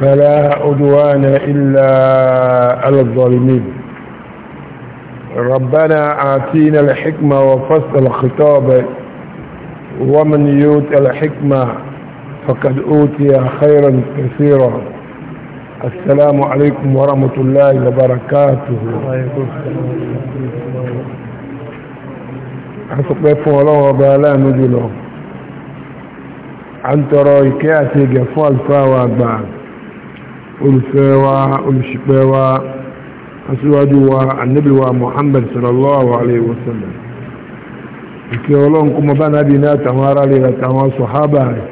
فلا عدوان إلا على الظالمين ربنا آتينا الحكمة وفصل الخطاب ومن يوت الحكمة فقد أوتي خيرا كثيرا السلام عليكم ورحمة الله وبركاته àtúpẹ́ fún ọlọ́run ọba aláàánú jùlọ à ń olùfẹ́ wa olùṣìpẹ̀ wa aṣíwájú wa annabi wa muhammad sallallahu alayhi wa sallam ìkẹ́ ọlọ́run kó mọ bá nábì ní àtàwọn ará rẹ̀ àtàwọn sọ̀hábà rẹ̀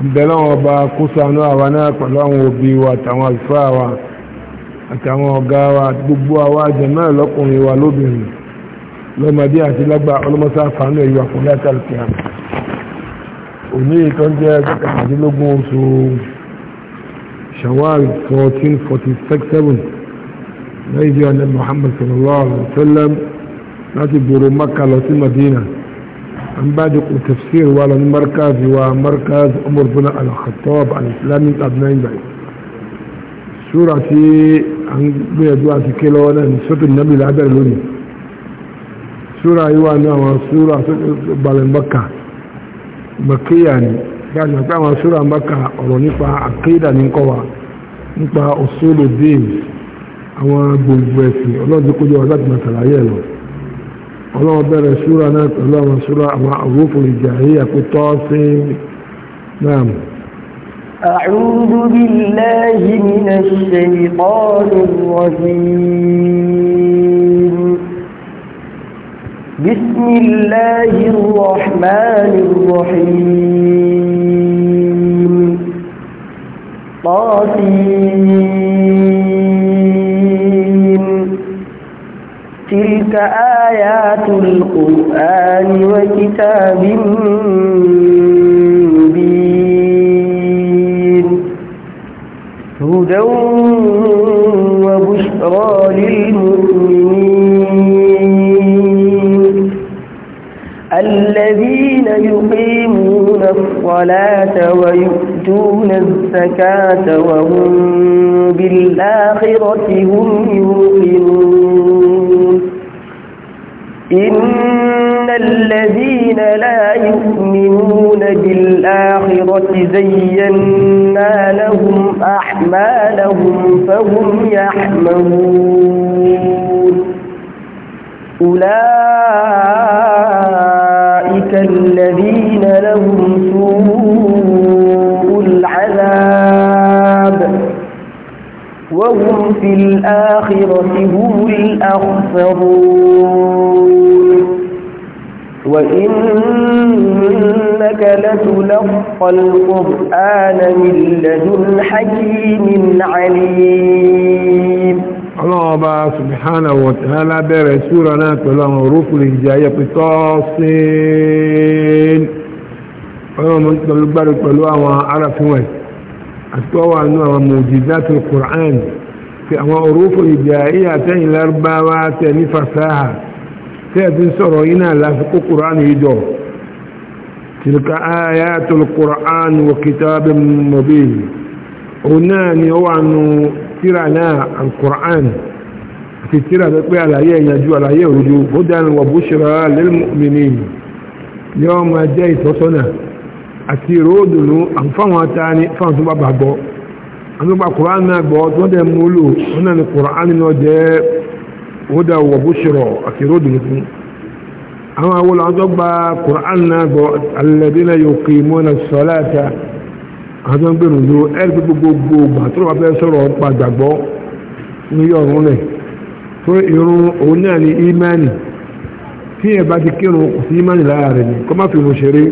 àbẹ̀lẹ̀ wọn bá kó ṣàánú àwa náà pẹ̀lú àwọn òbí wa àtàwọn àlùfáà wa àtàwọn ọ̀gá wa gbogbo àwa jẹ̀mọ́ lọ́kùnrin wa lóbìnrin lọ́mọdé àti lágbà ọlọ́mọsá àfààní ẹ̀yọ àkùnrin àtàlùkẹ́ àmì òní ìtọ́jẹ́ ẹgbẹ̀kàdínlógún oṣù شوال 1447 نيجي عند محمد صلى الله عليه وسلم ناتي برو مكة لو في مدينة عن بعد يقول تفسير ولا المركز ومركز أمر بنا على الخطاب على الإسلامي أبنين بعيد سورة عن بيض واسي كيلونا من سورة النبي العبر لوني سورة يوانا وسورة بالمكة مكياني يعني gbàgbà pé àwọn sura ń bá ka ọ̀rọ̀ nípa àkéèdà ní kọ́wa nípa òṣòlò dèm àwọn gbogbo ẹ̀sìn ọlọ́dún kójú wa láti màtàlá yẹ̀ lọ ọlọ́wọ́ bẹ̀rẹ̀ sura náà pẹ̀lú àwọn sura àwọn àwòfò ìjà èyí àpótọ́ sí náà. أعوذ بالله من الشيطان الرجيم بسم الله الرحمن الرحيم طاسين تلك آيات القرآن وكتاب مبين هدى وبشرى للمؤمنين الذين يقيمون الصلاة ويؤمنون يؤتون الزكاة وهم بالآخرة هم يوقنون إن الذين لا يؤمنون بالآخرة زي يحفظون وإنك لتلقى القرآن من لدن حكيم عليم الله أبا سبحانه وتعالى بير سورنا كلام حروف الهجاية بتاصين أنا من تلقى القرآن وعرف وين أتوى أنه معجزات القرآن àti àwọn orúfò ìjà ìyà tẹ́yìn lárúbáwá tẹ́ ní fasáhà tẹ́ẹ̀bí sọ̀rọ̀ iná lásìkò kùránì ìjọ tìlka ayatul kùránì wa kitabin mubin òun náà ni ó wà nù tíra náà alkùránì àti tíra tó pé àlàyé ìyànjú àlàyé òrùjú hudan wa bushra lil mu'minin yóò máa nípa kùrán náà gbọ́ tí wọ́n dẹ̀ mú lò wọ́n náà ní kùrán náà jẹ́ wọ́dà wọ̀ bó ṣòro àti ròdù fún àwọn àwọn ọjọ́ gba kùrán náà gbọ́ alẹ́dínlẹ̀ yóò kì í mọ́ náà sọ láta àwọn tó ń gbèrò wà fẹ́ sọ̀rọ̀ pa ní yọ̀rùn rẹ̀ tó irun òun náà ní ímánì tí bá ti kírun kò sí ímánì lára rẹ̀ ni fi òun ṣeré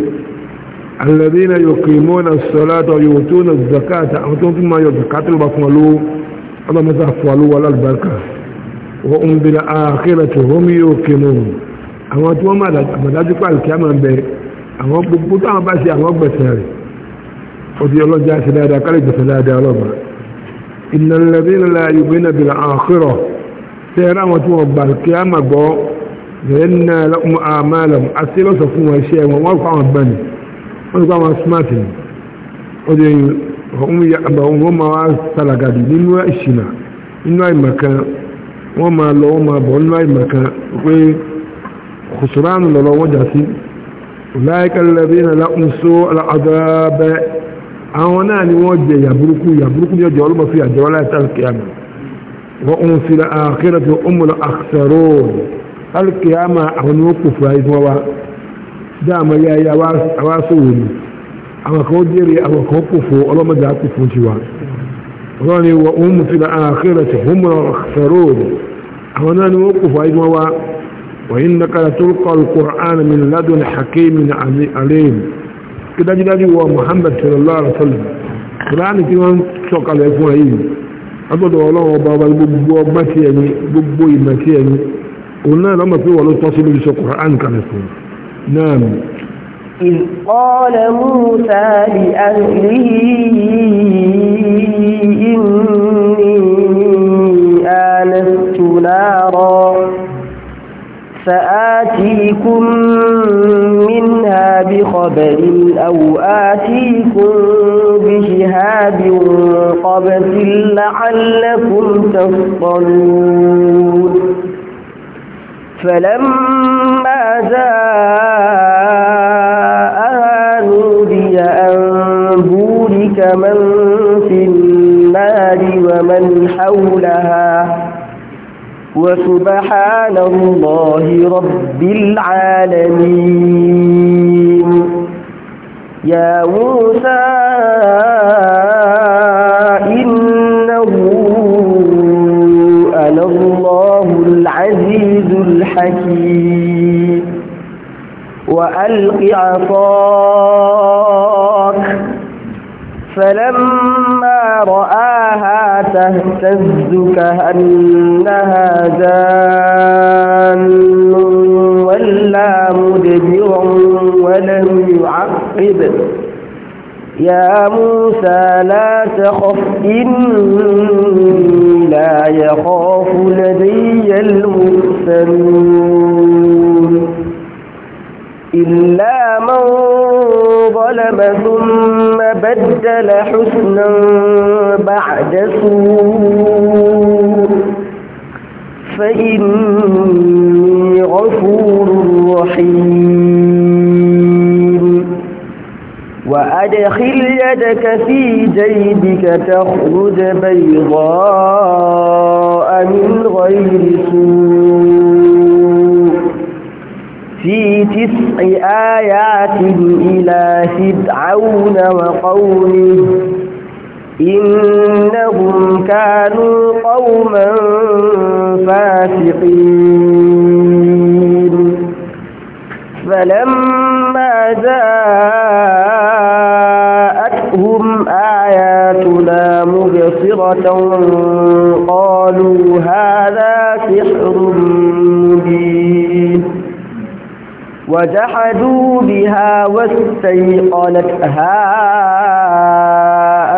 الذين يقيمون الصلاة ويؤتون الزكاة أنتم فيما يزكاة البطولو هذا ما تفعلوا ولا البركة وهم بالآخرة هم يوقنون أما توما مدادك الكلام به أما بطوطا باشي أما بساري ودي الله جاء سلادة قال بسلادة ربا إن الذين لا يؤمنون بالآخرة سيرا وتوما بالكلام بو لأن لهم آمالهم أسئلة سفوها شيئا ووقعوا بني wọ́n gbá wọn smart ni ó dé ọ̀hún àbà wọn máa wá sàlàgàdì nínú ìṣìnà nínú àìmọ̀kan wọ́n máa lọ wọ́n máa bọ̀ nínú àìmọ̀kan pé kùsùránù lọ́lọ́ wọ́n jà sí láìkàlẹ́bí náà lákùnsó aláàdábẹ́ àwọn náà ni wọ́n jẹ yàbúrúkú yàbúrúkú ni ọjọ́ ọlọ́mọ fi àjọ aláìsàlùkìyàmù wọ́n ń fi àkẹ́rẹ́ tó ń mọ̀ lọ dáàmà yá yá wá sòwò ni àwọn kan jèrè àwọn kan kò fò ọlọ́mọdé àti fún tiwa ọlọ́ni wọ ohun mu fìlà àkérè tí fún mọ́ fẹ̀rọ̀ àwọn náà ni wọ́n kò fò ayé wọn wá wọ́n na kára tó kọ́ alukur'an mi ládùn hakim mi aleem kí dájúdájú wọ muhammad sallallahu alaihi wa sallam kúránì tí wọ́n sọ̀kalẹ̀ fún ayé agbọ́dọ̀ ọlọ́run ọba ọba gbogbo ọgbà tí ẹni gbogbo ìmọ̀ tí ẹni òun náà lọ́mọ pé wọ́n ló tọ́ sí lórí sọ kúránì kalẹ̀ fún un نعم إذ قال موسى لأهله إني آنست نارا فآتيكم منها بخبر أو آتيكم بشهاب قبس لعلكم تفطلون فلما جاءها نودي أن بورك من في النار ومن حولها وسبحان الله رب العالمين يا موسى الق عصاك فلما رآها تهتز كأنها جان ولا مدبرا ولم يعقب يا موسى لا تخف إني لا يخاف لدي المرسلون إلا من ظلم ثم بدل حسنا بعد سوء فإني غفور رحيم وأدخل يدك في جيبك تخرج بيضاء من غير سوء في تسع آيات إلى فرعون وقومه إنهم كانوا قوما فاسقين فلما جاءتهم آياتنا مبصرة قالوا هذا سحر وجحدوا بها واستيقنتها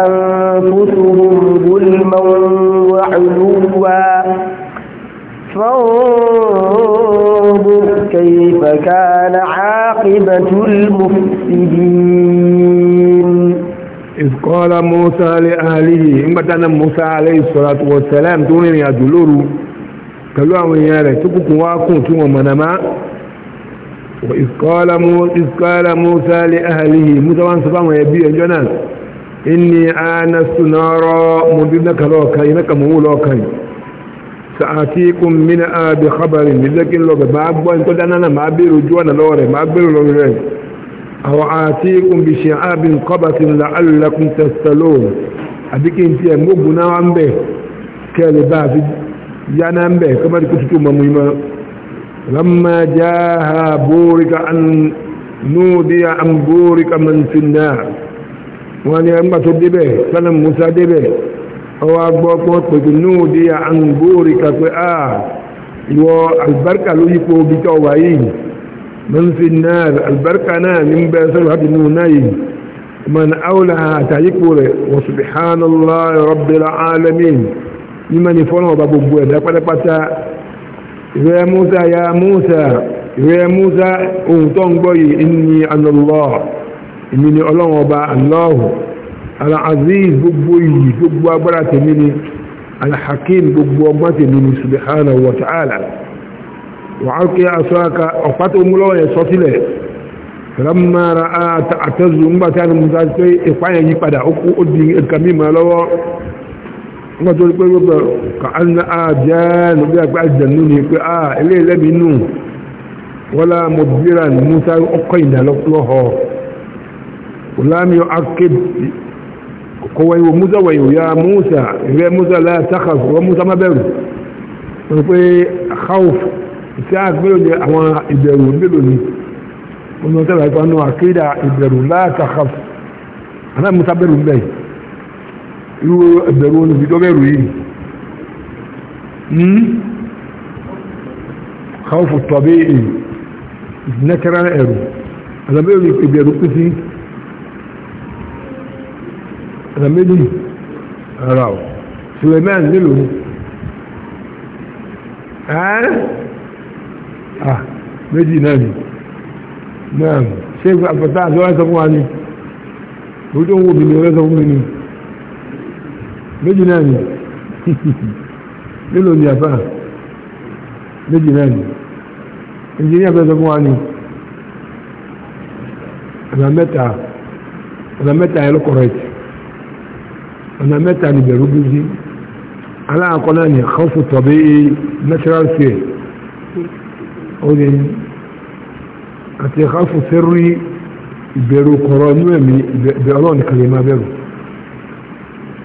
أنفسهم ظلما وعلوا فانظر كيف كان عاقبة المفسدين إذ قال موسى لأهله إن بدنا موسى عليه الصلاة والسلام دون يا كلوا من يا تبقوا واكم ثم منما إذ قال موسى لأهله موسى وانصفا ويبي الجنان إني آنست نارا مبينك لوكا إنك مولوكا سآتيكم من آب خبر لذلك لوكا ما أبوا أنت دانانا ما أبيرو جوانا لوري ما أبيرو لوري أو آتيكم بشعاب قبس لعلكم تستلون أبيك انت مبنا عن به كالباب يانا عن به كما تكتبوا مهمة لما جاها بورك أن نودي أن بورك من في النار وأن أمة به سلم موسى هو أبوك أقبط نودي أن بورك آه يو البركة لو يكو وعين من في النار البركة نام من بأسر هذه النونين من أولها تيكور وسبحان الله رب العالمين لمن فنوض بوين لقد قتا يا موسى يا موسى يا موسى أوتون بوي إني أنا الله إني الله وبا الله العزيز بوي بوي برات مني الحكيم بوي برات مني سبحانه وتعالى وعلقي عصاك أفات أملوه يصطله فلما رأى تعتز أمبا كان مزاج كي إقايا يقدا أكو أدي الكميمة لوه wọ́n tó rí pé yóò bẹ̀rọ̀ kà á ná àjẹ́ ah, lóbi àgbà àjẹ̀nú ni pé à ah, ilé ìlẹ́bi nù wọ́n lá mo bíra ní musa ọkọ̀ ìdá lọ́họ̀ ọ̀làmì akẹ́ kò wáyé musa wáyé ya musa ìrẹ́ musa láyà sáka wọ́n musa má bẹ̀rù wọ́n pé khawf ìṣe àgbélò ní àwọn ìbẹ̀rù nílò ni wọ́n mú sábà ìpanu àkéda ìbẹ̀rù láyà sáka àná musa bẹ̀rù bẹ́ẹ̀ irú ẹgbẹ̀rún olùfi tó bẹ̀rù yìí ní káwọ́fù tọ́bí èyí natural ẹ̀rù àlàmẹ́rin ìgbẹ̀rù pín sí àlàmẹ́rin ara ọ̀ Suleiman nílùú ẹ́ ah méjì náà ni náà ṣe àpàtà àti wọ́n fún wa ní orí tó ń wo bìnrin rẹ̀ fún mi ni méjì náà ni nílò ní àfá méjì náà ni ìjìnlẹ̀ àfẹ́sọ fún wa ni ọ̀nà mẹ́ta ọ̀nà mẹ́ta ẹ̀lú correct ọ̀nà mẹ́ta ni bẹ̀rù gúúsí aláàkọ́ náà ni kọ́sù tọ̀bí natural fear ó àti kọ́sù sẹ́rí ìbẹ̀rù kọ̀rọ̀ ní ẹ̀mí ìbẹ̀rù ọlọ́ọ̀nì kàlẹ̀ máa bẹ̀rù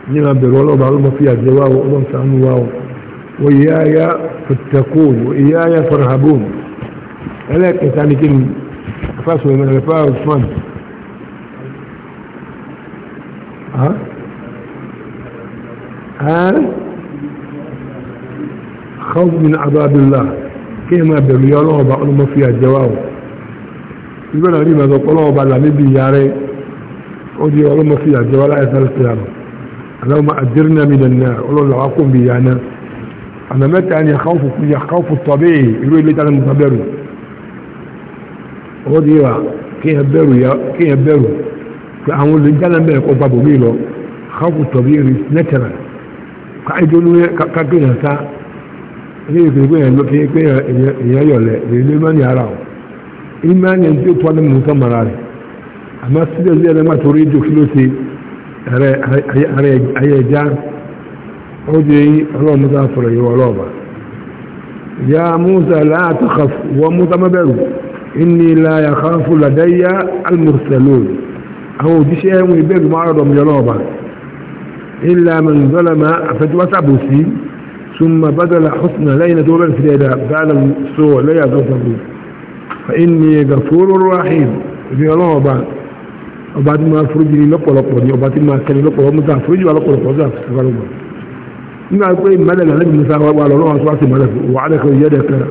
نما برولو بعلوم فيها جواه وأمم واو وإيايا فاتقون وإيايا فارهبون ألاك ثاني كن فاسوي من الفاء والصمد ها ها خوف من عذاب الله كما بريالوه بعلوم فيها الزواو يبقى لما ذو قلوه بعلامي بياري ودي علوم فيها جواه لا يسأل السلامه اللهم أجرنا من النار قولوا الله أقوم بيانا أنا متى أن يخوف يخوف الطبيعي يقول لي تعالى متبرو وديوا كي يبرو يا كي يبرو فأقول اللي جانا بيك أبابو ميلو خوف الطبيعي نترا قاعدوا له كاكينا سا ní ìpínlẹ̀ ìlú kí pé èèyàn yọ̀lẹ̀ lè má ní ara ọ̀ ìmá ní ẹni tí ó tọ́ ní mùsùlùmí ara rẹ̀ àmọ́ sílẹ̀ sí ẹlẹ́gbàá torí ìjọ ló ṣe هي هي هي هي جان عدي الله مذافر يا لوبا يا موسى لا تخف وموسى ما بيرو اني لا يخاف لدي المرسلون هو دي شيء بيرو ما يا لوبا الا من ظلم فتوى سبوسي ثم بدل حسن لين دورا في ليلة بعد السوء لا يزال فإني غفور رحيم يا لوبا ọba tí máa foríjì ní lọ́pọ̀lọpọ̀ ni ọba tí máa kẹ́ni lọ́pọ̀lọpọ̀ musa foríjì wa lọ́pọ̀lọpọ̀ musa fúnfàlùmọ̀ nígbà pé ìmọ̀lẹ̀ lànà bí musa wà lọ́wọ́ wọn sọ́wọ́sì mọ̀lẹ̀ wà á dẹ̀kẹ́ yẹ dẹ̀kẹ́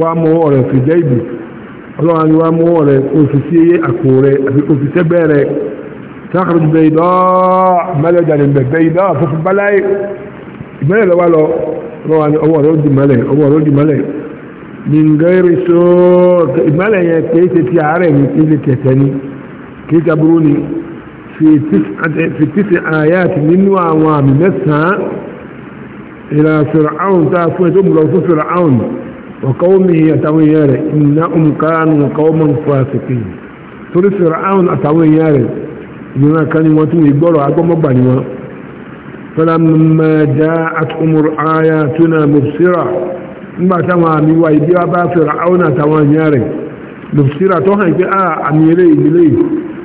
wà á mọ́wọ́ rẹ̀ fi jẹ́ ìbì ọlọ́wọ́n ni wà á mọ́wọ́ rẹ̀ oṣù sí àpò rẹ̀ àti oṣù sẹ́gbẹ́ rẹ̀ sáàkàrọ̀ bẹ̀ idọ́ mọ̀lẹ̀ jàdé bẹ̀ bẹ̀ idọ́ fúnfún báláyé ìmọ̀lẹ̀ lọ́wọ́ lọ ọlọ́wọ́n ni ọwọ́ rẹ̀ ó di mọ̀lẹ̀ ọwọ́ rẹ̀ ó di mọ̀lẹ̀ nìgbẹ́rì sóò ìmọ̀lẹ̀ ni kéka burú ni fi tisi ayati nínú àwọn àmì mẹ́sàn-án ìlà fir'aun tá a fún ètò mùlọ fún fir'aun وقومه أتعوي ياري إنهم كانوا قوما فاسقين تولي فرعون أتعوي ياري لما كان يواتون يقبروا أقوم أبانيوا فلما جاءتهم آياتنا مبصرة ما تمامي ويبيا با فرعون أتعوي ياري مبصرة توحي في آه أميري إليه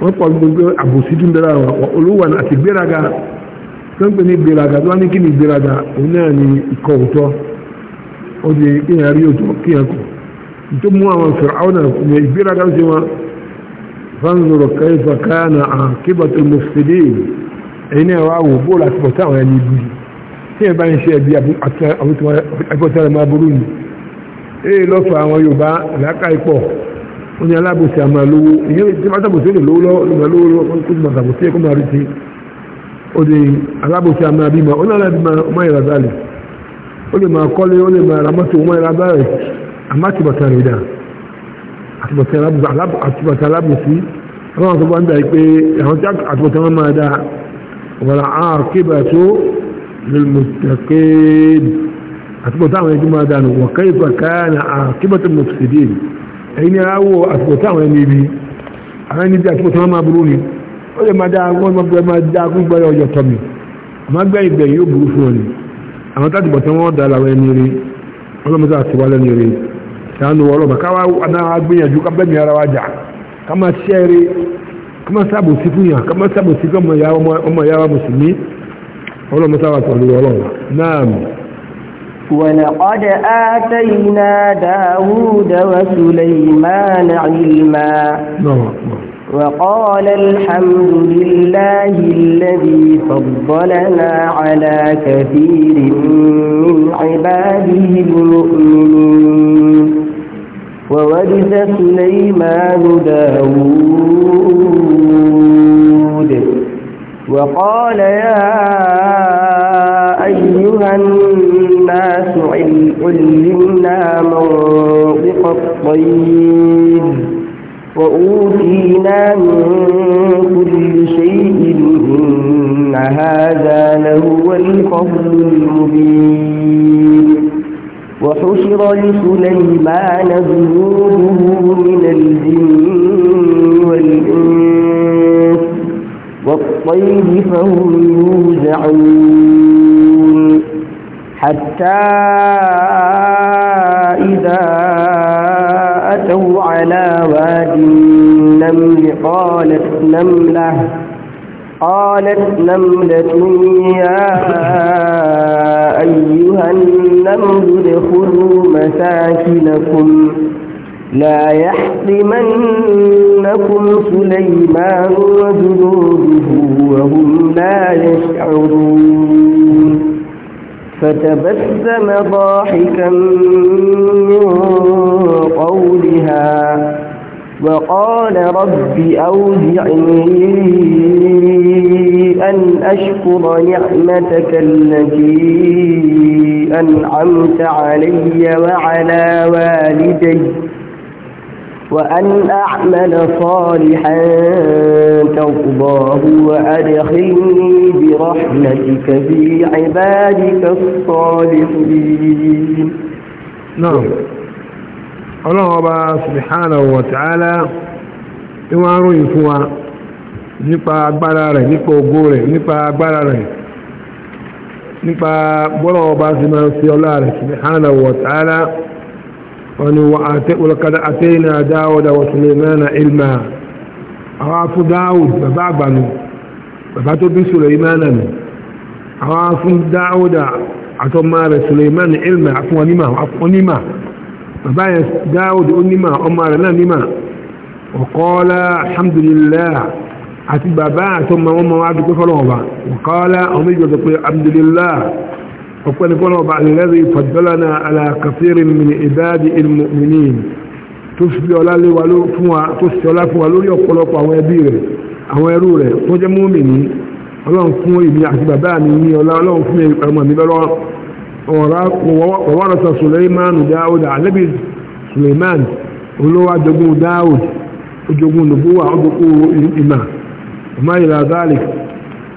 wọ́n pọ̀ gbogbo àbòsí tún dára olówó àti gbéraga tó ń pè ní gbéraga tó wá ní kí ni gbéraga òun náà ni ikọ̀ òótọ́ ó di kéèyàn rí òótọ́ kéèyàn kù tó mú àwọn fìràwọn ní gbéraga ń ṣe wọn fanzoro kaifa kana akibatul a ẹ̀yin náà wá wò bóòlù àti àwọn ẹni ibi tí ẹ bá ń ṣe ẹbí rẹ̀ máa burú ni lọ́fọ̀ àwọn Yorùbá ó ní alábòsí àmà lówó ìyẹn tí mátàbòsí ó lè lówó lọ́wọ́ lọ́wọ́ lọ́wọ́ lọ́wọ́ kó tó mátàbòsí ẹ̀kọ́ máa rí ti ó ní alábòsí àmà bímọ ó ní alábìmọ ọmọ ìlà dálẹ̀ ó lè máa kọ́lé ó lè máa ramọ́tò ọmọ ìlà dálẹ̀ àmà àtìbọ̀tà rẹ̀ dà àtìbọ̀tà alábòsí àwọn àtọ́gbà ń dà yìí pé àwọn tí àtìbọ̀tà wọn máa dà wọ́n àkébà tó lilmuttaqin àtìbọ̀tà ẹ̀yìn ni àwọ̀ àsìkò táwọn ẹni ibi àwọn ẹni bí àsìkò tí wọ́n máa burú ni ó lè máa dá wọ́n máa dá kún gbọ́dọ̀ ọjọ́ tọ́ mi àmọ́ gbẹ̀yìn gbẹ̀yìn yóò burú fún ọ ni àwọn tàbíbọ̀ tí wọ́n dá làwọn ẹni rí ọlọ́mọdé àti wà lẹ́ni rí ṣàánú ọlọ́mọ káwá náà gbìyànjú kábẹ́mi ara wa jà ká máa ṣẹ́ rí ká máa sábò sí fún yàn ká máa sábò sí fún ọmọ ìyá wa mùsùlùmí ọlọ́mọdé àti wà lẹ́ni ọlọ́mọ ولقد آتينا داود وسليمان علما نعم، نعم. وقال الحمد لله الذي فضلنا على كثير من عباده المؤمنين وورث سليمان داود وقال يا أيها الناس علمنا منطق الطيب وأوتينا من كل شيء إن هذا لهو الفضل المبين وحشر لسليمان ذنوبه من الجن والإنس والطير فهم يوزعون حتى إذا أتوا على وادي النمل قالت نملة قالت نملة يا أيها النمل ادخلوا مساكنكم لا يحطمنكم سليمان وجنوده وهم لا يشعرون فتبسم ضاحكا من قولها وقال رب أوزعني أن أشكر نعمتك التي أنعمت علي وعلى والدي وأن أعمل صالحا ترضاه وأدخلني برحمتك في عبادك الصالحين نعم الله سبحانه وتعالى يمارو يفوا نيبا أكبر رأي نيبا أقول نيبا أكبر رأي نيبا بولا أبا سبحانه وتعالى ولقد أتينا داود وسليمان علما عرف داود بابا بابته بسليمان تبي سليمان عرف داود أتمار سليمان علما عفوا نما عفوا نما بابا داود نما أمار لا نما وقال الحمد لله أتي بابا ثم أمم وعدك فلوبا وقال أمي الحمد لله وقال قلوب الذي فضلنا على كثير من عباد المؤمنين تسبي ولا لي ولو فوا تسبي ولا فوا لو يقولوا àwọn ẹbí rẹ̀ àwọn ẹrú rẹ̀ tó jẹ́ mu'mini Ọlọ́run fún èmi àti bàbá mi ni Ọlọ́run fún èmi ọmọ mi lọ́rọ̀ ọ̀rá wọ́wọ́rọ̀sọ Suleiman Dawud alẹ́bí Suleiman olówó ajogun Dawud ojogun nubuwa ojogun ìmà ọmọ ìlà zalik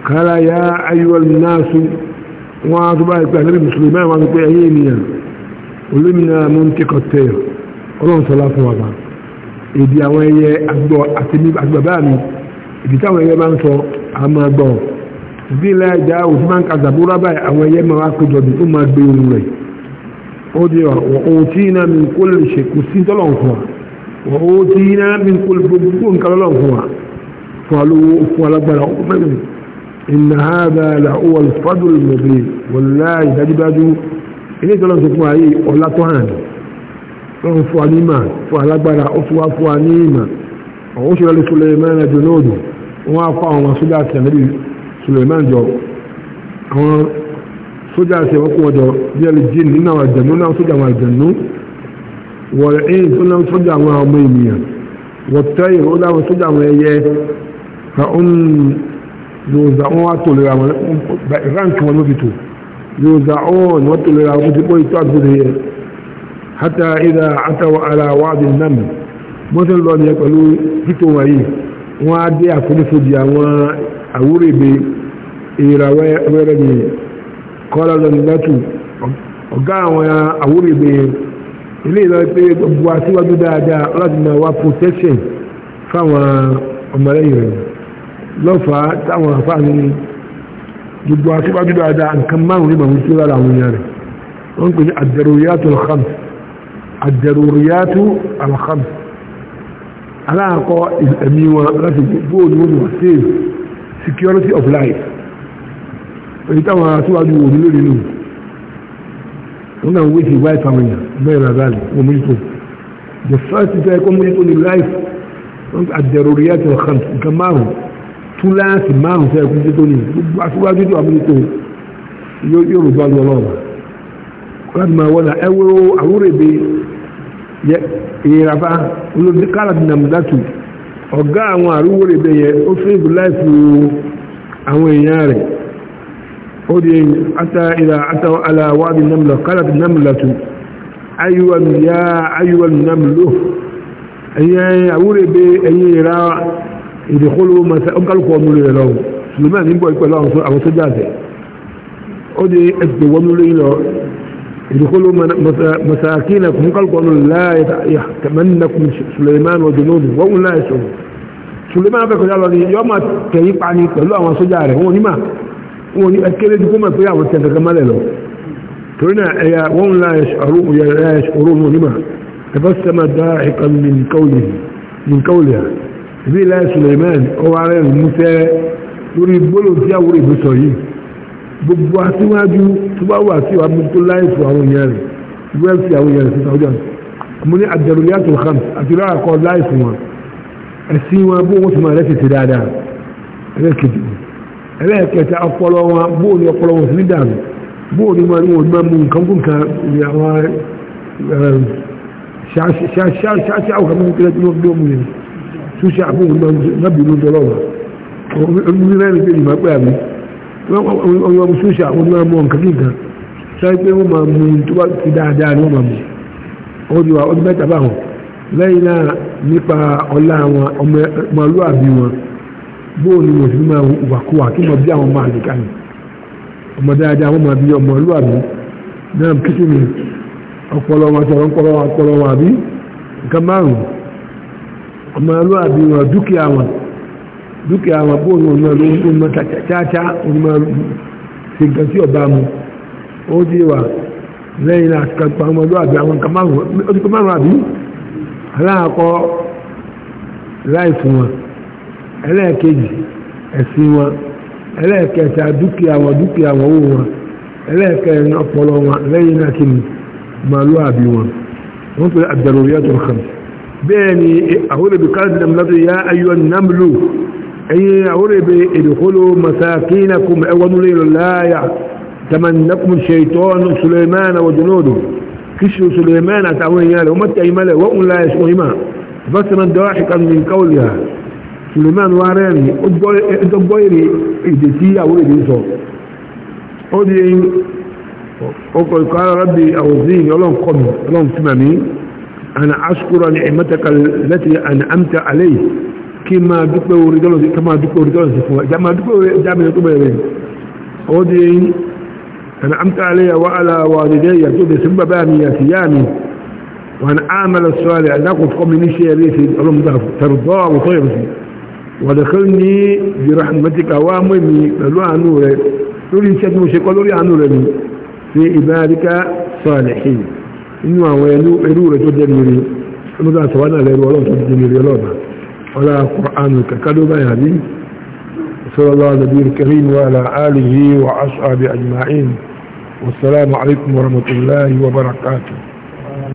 kala ya ayyuhal nasu wọ́n á tó báyìí pé àlẹ́bí mùsùlùmí máa wọ́n pé ẹ̀yìn ènìyàn olómìnira ló ń tẹ́kọ̀ tẹ́yọ̀ ọlọ́run sọlá fún wa bá èdè àwọn ẹyẹ àgbọ̀ àti bàbá mi èdè táwọn ẹyẹ máa ń sọ àmọ́ àgbọ̀ bí ilẹ̀ ẹja òtún máa ń ka zàbúrà báyìí àwọn ẹyẹ máa wá bí ó máa gbé ohun rẹ̀ ó di ọ̀hún tí iná mi kó lè ṣe kò sí tọ́lọ̀n fún wa ọ̀hún tí iná إن هذا لهو الفضل المبين والله دجباجو ilé ìjọba ti fún ayé ọ̀la tó hàn lọ́run fún anímà fún alágbára ó fún wá fún anímà ọ̀wọ́ ṣe lọ́lẹ́ Suleiman jọ lóòdù wọ́n á kọ́ àwọn sójà àti àmẹ́lì Suleiman jọ àwọn sójà àti àwọn kún ọjọ́ bí ẹni jìn nínú àwọn àjẹ̀nú náà sójà àwọn àjẹ̀nú wọ̀rẹ̀ ẹ̀yìn tó náà sójà àwọn ọmọ ènìyàn wọ̀tẹ́yìn ó dáwọn sójà àwọn ẹyẹ yóòzàún wá tó lera wọn ránkì wọn tó wọn ti pọ́ yẹ ara wáàdì nàmì lọ pẹ̀lú wọn á dé àfonífojì àwọn àwúrò ìra ni kọlá lọ ọ̀gá àwọn àwúrò ilé gbogbo dáadáa láti máa wá protection lọ́fà táwọn àfà ní gbogbo akíwájú dáadáa nǹkan márùn ní bàmí tí ó lára àwọn èèyàn rẹ̀ wọ́n ń pè ní àdẹ̀rọ̀yàtò alhams àdẹ̀rọ̀yàtò alhams aláàkọ́ ẹ̀mí wọn láti bóòlù wọn wà save security of life èyí táwọn aṣíwájú wò ní lórí nù wọ́n náà wéjì wáyé fáwọn èèyàn bẹ́ẹ̀ rà báyìí wọ́n mú nípò the first thing ẹ̀kọ́ mú nípò ní life àdẹ̀rọ̀yàtò alhams nǹkan márùn-ún túláàsì márùn fẹ́ kú tó ní aṣíwájú tó àmúlító yóò rò gbájú ọlọ́ọ̀bà láti máa wọ́n na ẹwúrò àwúrèbe ìrafá olóbi kálàtì nàmdátù ọ̀gá àwọn àrúwòrèbe yẹ ó fẹ́ ìbú láìfù àwọn èèyàn rẹ̀ ó di ata ìlà ata aláwádìí nàmlà kálàtì nàmlàtù ayúwàlù ya ayúwàlù nàmlò ẹ̀yìn àwúrèbe ẹ̀yìn ìrafá ìdíkólówó mọ́sá ọ̀kálùkọ́ ọmọ olóyè lọ́wọ́ suleman ń bọ̀ pẹ̀lú àwọn sójà àtẹ̀ ó di ẹgbẹ̀ wọnú olóyè lọ ìdíkólówó mọ́sá kína kún ọ̀kálùkọ́ ọmọ láyé tẹ̀mẹ́nìnàkùn suleman ọdún lóòdù wọ́n ń láyé sọ̀rọ̀ suleman fẹ́ kọjá lọ ni yọ́ máa tẹ̀yìn pani pẹ̀lú àwọn sójà rẹ̀ wọ́n ní mà wọ́n ní ẹkẹ́lẹ́ dúkú mọ̀ pé àwọn tẹ̀ kankan mọ́lẹ̀ lọ torí náà ẹ̀yà wọ́n ń láyé sọ̀rọ̀ wọn ní mà تبسم داعقا من قوله من قولها bí ilẹ̀ Suleiman ọwárẹ̀ músẹ́ lórí gbólóhùn tí àwọn èèyàn sọ yìí gbogbo aṣíwájú tó bá wà sí àwọn tó láìfò àwọn èèyàn rẹ̀ wẹ́ẹ̀sì àwọn èèyàn rẹ̀ sí sàwọ́jà mo ní àjẹrùlẹ̀ àtò ham àti lára kọ láìfò wọn ẹ̀sìn wọn bó wọ́n ti máa rẹ́sì ti dáadáa ẹlẹ́ẹ̀kejì ẹlẹ́ẹ̀kẹta ọpọlọ wọn bó ní ọpọlọ wọn sí ní dànù bó ní wọn wọn máa mú nǹkan tó ṣe àbúrò lábìlú jọlọ́wọ́ onírẹ́ni pé ìmọ̀ pé àmì ọmọ tó ṣe àwọn náà mọ́ nǹkan nìkan sáré pé wọ́n máa mú tó bá ti dáadáa ni wọ́n máa mú ọdún wa ọdún mẹ́ta báwọn lẹ́yìn náà nípa ọlá wọn ọmọlúwàbí wọn bóòlù wọn sì máa wàkúwà tó mọ̀ bí àwọn máa lè kàní ọmọ dáadáa wọn ọmọlúwàbí wọn dúkìá wọn dúkìá wọn bóòlù ọmọ tààtà ọmọ ṣìgbà tí ọba mu ó dí wà lẹ́yìn àkàkà ọmọlúwàbí àwọn kàmárùn àbí aláàkọ́ láìfù wọn ẹlẹ́ẹ̀kejì ẹ̀sìn wọn ẹlẹ́ẹ̀kẹta dúkìá wọn dúkìá wọn owó wọn ẹlẹ́ẹ̀kẹrin ọpọlọ wọn lẹ́yìn àkìní ọmọlúwàbí wọn wọ́n pẹ̀lú àdàrò yẹ́tọ̀ kàmù بيني أقول بقلب نملته يا أيها النمل أي أقول بإدخلوا مساكينكم أول ليل لا يتمنكم الشيطان سليمان وجنوده كشر سليمان أتعوين يا له متى يمله وأن لا يشمهما بسرا ضاحكا من قولها سليمان واراني أدبويري إدتي أقول بإنسان أقول قال ربي أوزيني أولون قمي أولون تمامي أنا أشكر نعمتك التي أنعمت عليه كما دكتور رجال كما دكتور رجال كما دكتور جامعة طبيعي أودي أمت عليه وعلى والدي تودي سبب بامي يتيامي وأن أعمل الصالح لا قد من شيء ريسي اللهم ترضى وطير ودخلني برحمتك وامي لو أنوري لولي شكو شكو لولي أنوري في عبادك صالحين inú àwọn ẹrú rẹ̀ tó jẹ́ni rí ọmọdé àtọwádà lẹ́rú ọlọ́run tó jẹ́ni rí ọlọ́ba ọlá kọ̀ánù kàkádó báyà rí sallallahu alaihi wa karim wa ala alihi wa ashabi ajma'in wassalamu alaikum wa rahmatullahi wa barakatuh